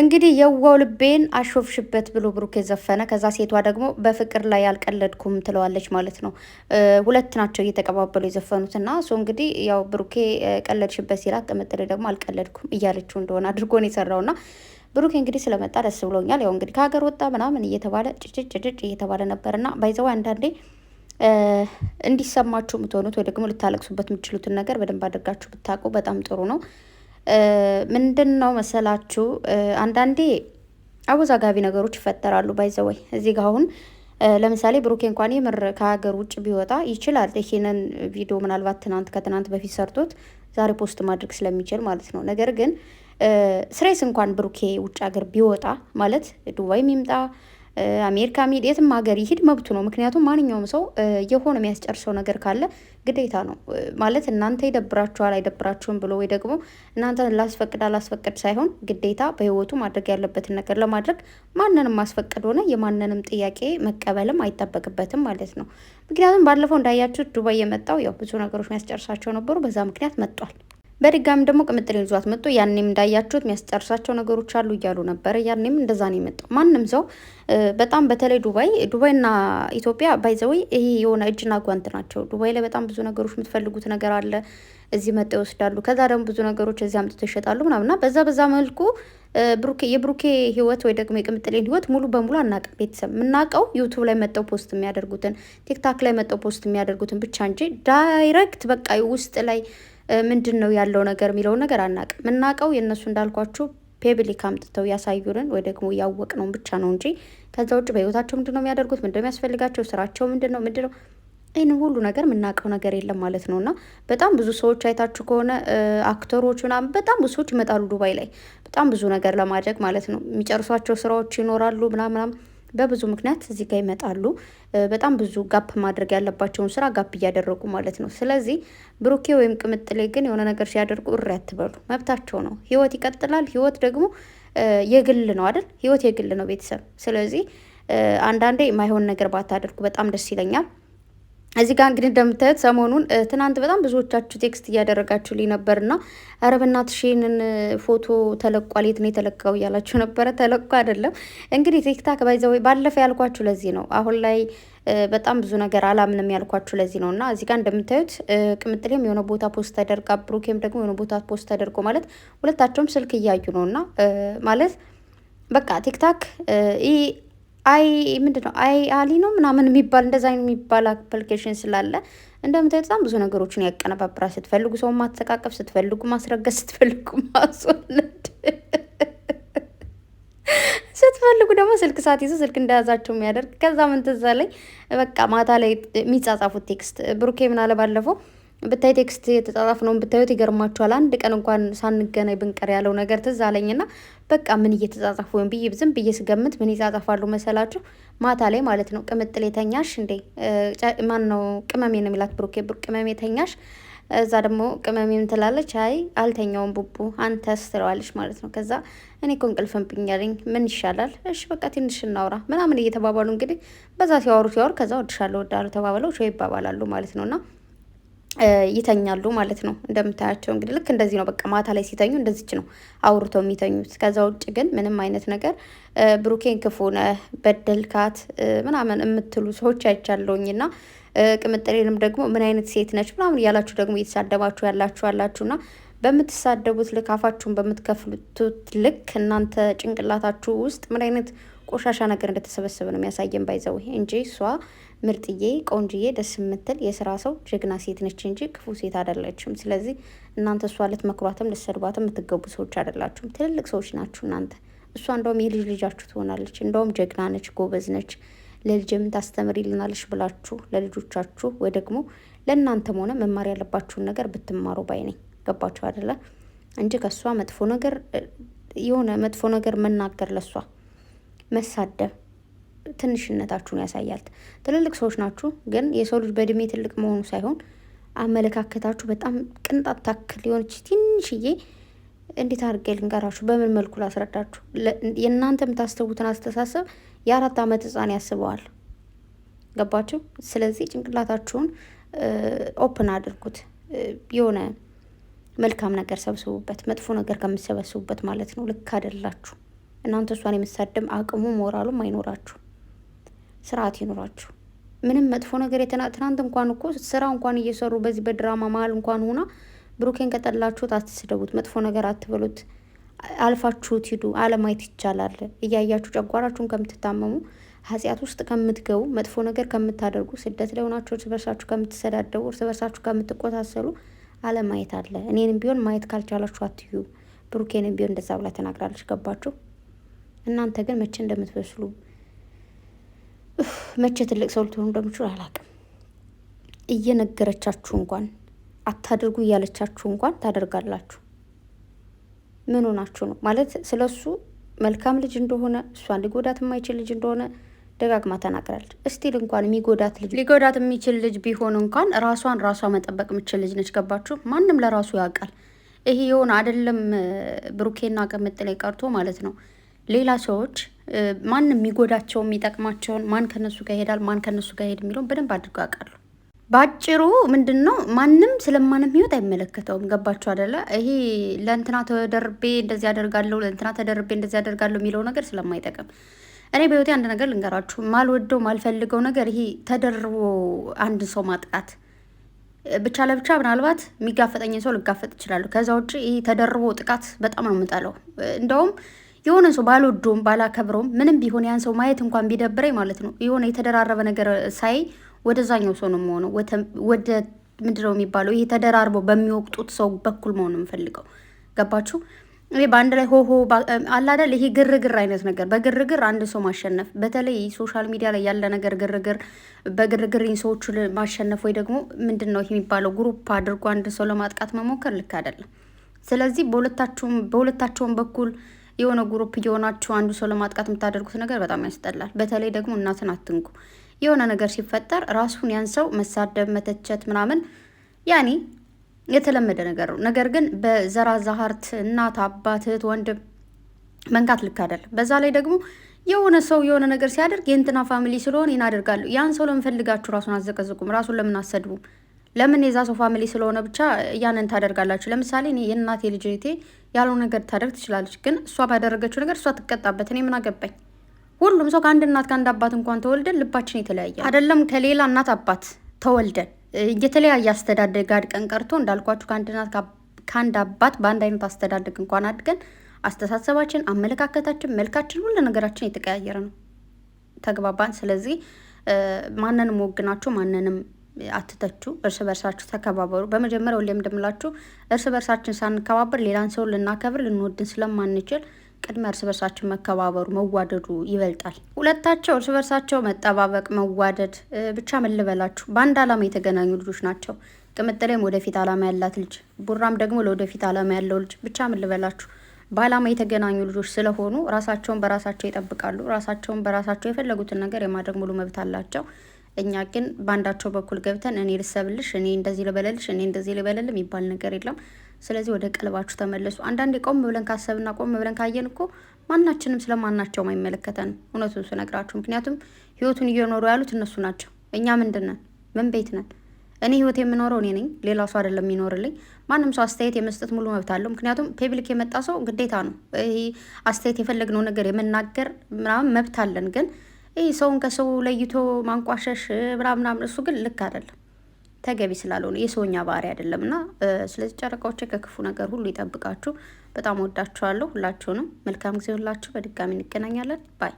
እንግዲህ የዋው ልቤን አሾፍሽበት ብሎ ብሩክ የዘፈነ ከዛ ሴቷ ደግሞ በፍቅር ላይ ያልቀለድኩም ትለዋለች ማለት ነው። ሁለት ናቸው እየተቀባበሉ የዘፈኑት እና እሱ እንግዲህ ያው ብሩኬ ቀለድሽበት ሲላት ቅምጥሌ ደግሞ አልቀለድኩም እያለችው እንደሆነ አድርጎን የሰራውና ብሩኬ እንግዲህ ስለመጣ ደስ ብሎኛል። ያው እንግዲህ ከሀገር ወጣ ምናምን እየተባለ ጭጭጭ ጭጭ እየተባለ ነበርና ባይዘው አንዳንዴ እንዲሰማችሁ የምትሆኑት ወይ ደግሞ ልታለቅሱበት የምችሉትን ነገር በደንብ አድርጋችሁ ብታውቁ በጣም ጥሩ ነው። ምንድን ነው መሰላችሁ አንዳንዴ አወዛጋቢ ነገሮች ይፈጠራሉ። ባይዘወይ እዚህ ጋር አሁን ለምሳሌ ብሩኬ እንኳን የምር ከሀገር ውጭ ቢወጣ ይችላል ይሄንን ቪዲዮ ምናልባት ትናንት ከትናንት በፊት ሰርቶት ዛሬ ፖስት ማድረግ ስለሚችል ማለት ነው። ነገር ግን ስሬስ እንኳን ብሩኬ ውጭ ሀገር ቢወጣ ማለት ዱባይ ሚምጣ አሜሪካ ሚድ የትም ሀገር ይሄድ መብቱ ነው። ምክንያቱም ማንኛውም ሰው የሆነ የሚያስጨርሰው ነገር ካለ ግዴታ ነው ማለት እናንተ ይደብራችኋል አይደብራችሁም ብሎ ወይ ደግሞ እናንተ ላስፈቅድ አላስፈቅድ ሳይሆን ግዴታ በህይወቱ ማድረግ ያለበትን ነገር ለማድረግ ማንንም ማስፈቀድ ሆነ የማንንም ጥያቄ መቀበልም አይጠበቅበትም ማለት ነው። ምክንያቱም ባለፈው እንዳያችሁት ዱባይ የመጣው ያው ብዙ ነገሮች የሚያስጨርሳቸው ነበሩ። በዛ ምክንያት መጧል። በድጋሚ ደግሞ ቅምጥሌን ይዟት መጡ። ያኔም እንዳያችሁት የሚያስጨርሳቸው ነገሮች አሉ እያሉ ነበረ። ያኔም እንደዛ ነው የመጣው። ማንም ሰው በጣም በተለይ ዱባይ ዱባይና ኢትዮጵያ ባይዘወይ ይሄ የሆነ እጅና ጓንት ናቸው። ዱባይ ላይ በጣም ብዙ ነገሮች የምትፈልጉት ነገር አለ፣ እዚህ መጥተው ይወስዳሉ። ከዛ ደግሞ ብዙ ነገሮች እዚህ አምጥቶ ይሸጣሉ ምናምና በዛ በዛ መልኩ ብሩኬ የብሩኬ ህይወት ወይ ደግሞ የቅምጥሌን ህይወት ሙሉ በሙሉ አናውቅም። ቤተሰብ የምናውቀው ዩቱብ ላይ መጠው ፖስት የሚያደርጉትን ቲክታክ ላይ መጠው ፖስት የሚያደርጉትን ብቻ እንጂ ዳይሬክት በቃ ውስጥ ላይ ምንድን ነው ያለው ነገር የሚለውን ነገር አናቅ የምናውቀው የእነሱ እንዳልኳችሁ ፔብሊክ አምጥተው ያሳዩንን ወይ ደግሞ እያወቅ ነው ብቻ ነው እንጂ ከዛ ውጭ በህይወታቸው ምንድን ነው የሚያደርጉት፣ ምንድን ነው የሚያስፈልጋቸው፣ ስራቸው ምንድን ነው ምንድን ነው ይህን ሁሉ ነገር የምናውቀው ነገር የለም ማለት ነው። እና በጣም ብዙ ሰዎች አይታችሁ ከሆነ አክተሮች ምናምን በጣም ብዙ ሰዎች ይመጣሉ ዱባይ ላይ በጣም ብዙ ነገር ለማድረግ ማለት ነው። የሚጨርሷቸው ስራዎች ይኖራሉ ምናምናም በብዙ ምክንያት እዚህ ጋር ይመጣሉ። በጣም ብዙ ጋፕ ማድረግ ያለባቸውን ስራ ጋፕ እያደረጉ ማለት ነው። ስለዚህ ብሩኬ ወይም ቅምጥሌ ግን የሆነ ነገር ሲያደርጉ እሪ አትበሉ፣ መብታቸው ነው። ህይወት ይቀጥላል። ህይወት ደግሞ የግል ነው አይደል? ህይወት የግል ነው ቤተሰብ። ስለዚህ አንዳንዴ የማይሆን ነገር ባታደርጉ በጣም ደስ ይለኛል። እዚህ ጋር እንግዲህ እንደምታዩት ሰሞኑን ትናንት በጣም ብዙዎቻችሁ ቴክስት እያደረጋችሁ ልኝ ነበርና ኧረ በእናትሽ ይህንን ፎቶ ተለቋል፣ የት ነው የተለቀው እያላችሁ ነበረ። ተለቆ አይደለም እንግዲህ ቲክታክ ባይዘወይ ባለፈ ያልኳችሁ ለዚህ ነው። አሁን ላይ በጣም ብዙ ነገር አላምንም ያልኳችሁ ለዚህ ነው። እና እዚህ ጋር እንደምታዩት ቅምጥሌም የሆነ ቦታ ፖስት ተደርጋ ብሩኬም ደግሞ የሆነ ቦታ ፖስት ተደርጎ ማለት ሁለታቸውም ስልክ እያዩ ነው እና ማለት በቃ ቲክታክ ይህ አይ ምንድን ነው አይ አሊ ነው ምናምን የሚባል እንደዛ የሚባል አፕሊኬሽን ስላለ እንደምታይ በጣም ብዙ ነገሮችን ያቀነባብራል። ስትፈልጉ ሰው ማተቃቀፍ፣ ስትፈልጉ ማስረገዝ፣ ስትፈልጉ ማስወለድ፣ ስትፈልጉ ደግሞ ስልክ ሰዓት ይዞ ስልክ እንደያዛቸው የሚያደርግ ከዛ ምን ትዝ አለኝ በቃ ማታ ላይ የሚጻጻፉት ቴክስት ብሩኬ ምን አለ ባለፈው ብታይ ቴክስት የተጻጻፍ ነውን ብታዩት ይገርማችኋል። አንድ ቀን እንኳን ሳንገናኝ ብንቀር ያለው ነገር ትዝ አለኝና በቃ ምን እየተጻጻፉ ወይም ብዬ ዝም ብዬ ስገምት ምን ይጻጻፋሉ መሰላችሁ? ማታ ላይ ማለት ነው። ቅምጥል የተኛሽ እንዴ? ማን ነው ቅመሜ ነው የሚላት ብሩኬ። ቅመሜ የተኛሽ እዛ ደግሞ ቅመሜ ምትላለች፣ አይ አልተኛውም ቡቡ አንተስ ትለዋለች ማለት ነው። ከዛ እኔ እኮ እንቅልፍን ብኛለኝ ምን ይሻላል፣ እሺ በቃ ትንሽ እናውራ ምናምን እየተባባሉ እንግዲህ በዛ ሲያወሩ ሲያወሩ ከዛ ወድሻለሁ ወዳሉ ተባብለው ሾ ይባባላሉ ማለት ነው ነውና ይተኛሉ ማለት ነው። እንደምታያቸው እንግዲህ ልክ እንደዚህ ነው። በቃ ማታ ላይ ሲተኙ እንደዚች ነው አውርተው የሚተኙት። ከዛ ውጭ ግን ምንም አይነት ነገር ብሩኬን ክፉ ነህ በደልካት ምናምን የምትሉ ሰዎች አይቻለውኝ እና ቅምጥሌንም ደግሞ ምን አይነት ሴት ነች ምናምን እያላችሁ ደግሞ እየተሳደባችሁ ያላችሁ አላችሁና በምትሳደቡት ልክ አፋችሁን በምትከፍሉት ልክ እናንተ ጭንቅላታችሁ ውስጥ ምን አይነት ቆሻሻ ነገር እንደተሰበሰበ ነው የሚያሳየን። ባይዘው ይሄ እንጂ እሷ ምርጥዬ፣ ቆንጅዬ፣ ደስ የምትል የስራ ሰው ጀግና ሴት ነች እንጂ ክፉ ሴት አይደለችም። ስለዚህ እናንተ እሷ ልትመክሯትም ልትሰድቧትም የምትገቡ ሰዎች አይደላችሁም። ትልልቅ ሰዎች ናችሁ እናንተ። እሷ እንደውም የልጅ ልጃችሁ ትሆናለች። እንደውም ጀግና ነች፣ ጎበዝ ነች። ለልጅ የምታስተምር ይልናለች ብላችሁ ለልጆቻችሁ ወይ ደግሞ ለእናንተም ሆነ መማር ያለባችሁን ነገር ብትማሩ ባይ ነኝ። ገባችሁ አይደለ? እንጂ ከእሷ መጥፎ ነገር የሆነ መጥፎ ነገር መናገር ለሷ መሳደብ ትንሽነታችሁን ያሳያል። ትልልቅ ሰዎች ናችሁ፣ ግን የሰው ልጅ በእድሜ ትልቅ መሆኑ ሳይሆን አመለካከታችሁ በጣም ቅንጣት ታክል የሆነች ትንሽዬ እንዴት አድርጌ ልንገራችሁ? በምን መልኩ ላስረዳችሁ? የእናንተ የምታስተውትን አስተሳሰብ የአራት ዓመት ህፃን ያስበዋል። ገባችሁ? ስለዚህ ጭንቅላታችሁን ኦፕን አድርጉት። የሆነ መልካም ነገር ሰብስቡበት፣ መጥፎ ነገር ከምትሰበስቡበት ማለት ነው። ልክ አይደላችሁ። እናንተ እሷን የምሳደም አቅሙ ሞራሉም አይኖራችሁ፣ ስርዓት ይኖራችሁ። ምንም መጥፎ ነገር ትናንት እንኳን እኮ ስራ እንኳን እየሰሩ በዚህ በድራማ መሀል እንኳን ሆና ብሩኬን ከጠላችሁት አትስደቡት፣ መጥፎ ነገር አትበሉት። አልፋችሁት ሂዱ። አለማየት ይቻላል። እያያችሁ ጨጓራችሁን ከምትታመሙ ኃጢአት ውስጥ ከምትገቡ መጥፎ ነገር ከምታደርጉ ስደት ላይ እርስ በርሳችሁ ከምትሰዳደቡ እርስ በርሳችሁ ከምትቆሳሰሉ አለማየት አለ። እኔንም ቢሆን ማየት ካልቻላችሁ አትዩ። ብሩኬንም ቢሆን እንደዛ ብላ ተናግራለች። ገባችሁ? እናንተ ግን መቼ እንደምትበስሉ መቼ ትልቅ ሰው ልትሆኑ እንደምችሉ አላውቅም። እየነገረቻችሁ እንኳን አታድርጉ እያለቻችሁ እንኳን ታደርጋላችሁ። ምን ሆናችሁ ነው ማለት ስለ እሱ መልካም ልጅ እንደሆነ እሷን ሊጎዳት የማይችል ልጅ እንደሆነ ደጋግማ ተናግራለች። እስቲል እንኳን የሚጎዳት ልጅ ሊጎዳት የሚችል ልጅ ቢሆን እንኳን ራሷን ራሷ መጠበቅ የምችል ልጅ ነች። ገባችሁ? ማንም ለራሱ ያውቃል። ይሄ የሆነ አይደለም ብሩኬና ቅምጥ ላይ ቀርቶ ማለት ነው ሌላ ሰዎች ማንም የሚጎዳቸው የሚጠቅማቸውን ማን ከነሱ ጋር ይሄዳል፣ ማን ከነሱ ጋር ይሄድ የሚለውን በደንብ አድርገው ያውቃሉ። በአጭሩ ምንድን ነው ማንም ስለማንም ህይወት አይመለከተውም። ገባችሁ አደለ? ይሄ ለእንትና ተደርቤ እንደዚህ ያደርጋለሁ ለእንትና ተደርቤ እንደዚህ ያደርጋለሁ የሚለው ነገር ስለማይጠቅም እኔ በህይወቴ አንድ ነገር ልንገራችሁ፣ ማልወደው ማልፈልገው ነገር ይሄ ተደርቦ አንድ ሰው ማጥቃት ብቻ ለብቻ ምናልባት የሚጋፈጠኝን ሰው ልጋፈጥ ይችላሉ። ከዛ ውጭ ይህ ተደርቦ ጥቃት በጣም ነው የምጠለው እንደውም የሆነ ሰው ባልወደውም ባላከብረውም ምንም ቢሆን ያን ሰው ማየት እንኳን ቢደብረኝ ማለት ነው የሆነ የተደራረበ ነገር ሳይ ወደዛኛው ሰው ነው የምሆነው። ወደ ምንድነው የሚባለው ይሄ ተደራርበው በሚወቅጡት ሰው በኩል መሆን የምፈልገው። ገባችሁ? ይሄ በአንድ ላይ ሆሆ አላደል ይሄ ግርግር አይነት ነገር በግርግር አንድ ሰው ማሸነፍ፣ በተለይ ሶሻል ሚዲያ ላይ ያለ ነገር ግርግር፣ በግርግር ሰዎቹ ማሸነፍ ወይ ደግሞ ምንድን ነው የሚባለው ግሩፕ አድርጎ አንድ ሰው ለማጥቃት መሞከር ልክ አይደለም። ስለዚህ በሁለታቸውም በኩል የሆነ ግሩፕ እየሆናችሁ አንዱ ሰው ለማጥቃት የምታደርጉት ነገር በጣም ያስጠላል። በተለይ ደግሞ እናትን አትንኩ። የሆነ ነገር ሲፈጠር ራሱን ያን ሰው መሳደብ፣ መተቸት ምናምን ያኔ የተለመደ ነገር ነው። ነገር ግን በዘራ ዛሀርት እናት፣ አባት፣ እህት፣ ወንድም መንካት ልክ አይደለም። በዛ ላይ ደግሞ የሆነ ሰው የሆነ ነገር ሲያደርግ የእንትና ፋሚሊ ስለሆነ ይናደርጋሉ። ያን ሰው ለምን ፈልጋችሁ ራሱን አዘቀዝቁም? ራሱን ለምን አሰድቡም? ለምን የዛ ሰው ፋሚሊ ስለሆነ ብቻ ያንን ታደርጋላችሁ? ለምሳሌ እኔ የእናቴ ልጅ እህቴ ያለው ነገር ታደርግ ትችላለች፣ ግን እሷ ባደረገችው ነገር እሷ ትቀጣበት። እኔ ምን አገባኝ? ሁሉም ሰው ከአንድ እናት ከአንድ አባት እንኳን ተወልደን ልባችን የተለያየ አይደለም። ከሌላ እናት አባት ተወልደን የተለያየ አስተዳደግ አድቀን ቀርቶ እንዳልኳችሁ ከአንድ እናት ከአንድ አባት በአንድ አይነት አስተዳደግ እንኳን አድገን አስተሳሰባችን፣ አመለካከታችን፣ መልካችን፣ ሁሉ ነገራችን የተቀያየረ ነው። ተግባባን። ስለዚህ ማንንም ወግናችሁ ማንንም አትተቹ፣ እርስ በርሳችሁ ተከባበሩ። በመጀመሪያ ሁሌም እንደምላችሁ እርስ በርሳችን ሳንከባበር ሌላን ሰው ልናከብር ልንወድን ስለማንችል ቅድሚያ እርስ በርሳችን መከባበሩ መዋደዱ ይበልጣል። ሁለታቸው እርስ በርሳቸው መጠባበቅ፣ መዋደድ ብቻ መልበላችሁ በአንድ ዓላማ የተገናኙ ልጆች ናቸው። ቅምጥሌም ወደፊት ዓላማ ያላት ልጅ፣ ቡራም ደግሞ ለወደፊት ዓላማ ያለው ልጅ ብቻ መልበላችሁ በዓላማ የተገናኙ ልጆች ስለሆኑ ራሳቸውን በራሳቸው ይጠብቃሉ። ራሳቸውን በራሳቸው የፈለጉትን ነገር የማድረግ ሙሉ መብት አላቸው። እኛ ግን በአንዳቸው በኩል ገብተን እኔ ልሰብልሽ፣ እኔ እንደዚህ ልበለልሽ፣ እኔ እንደዚህ ልበለል የሚባል ነገር የለም። ስለዚህ ወደ ቀልባችሁ ተመለሱ። አንዳንዴ ቆም ብለን ካሰብና ቆም ብለን ካየን እኮ ማናችንም ስለማናቸውም አይመለከተንም። እውነቱን ስነግራችሁ፣ ምክንያቱም ህይወቱን እየኖሩ ያሉት እነሱ ናቸው። እኛ ምንድን ነን? ምን ቤት ነን? እኔ ህይወት የምኖረው እኔ ነኝ፣ ሌላ ሰው አይደለም የሚኖርልኝ። ማንም ሰው አስተያየት የመስጠት ሙሉ መብት አለው። ምክንያቱም ፔብሊክ የመጣ ሰው ግዴታ ነው ይሄ አስተያየት የፈለግነው ነገር የመናገር ምናምን መብት አለን ግን ይህ ሰውን ከሰው ለይቶ ማንቋሸሽ ምናምናምን እሱ ግን ልክ አይደለም፣ ተገቢ ስላልሆነ የሰውኛ ባህሪ አይደለም እና ስለዚህ ጨረቃዎች ከክፉ ነገር ሁሉ ይጠብቃችሁ። በጣም ወዳችኋለሁ ሁላችሁንም። መልካም ጊዜ ሁላችሁ። በድጋሚ እንገናኛለን ባይ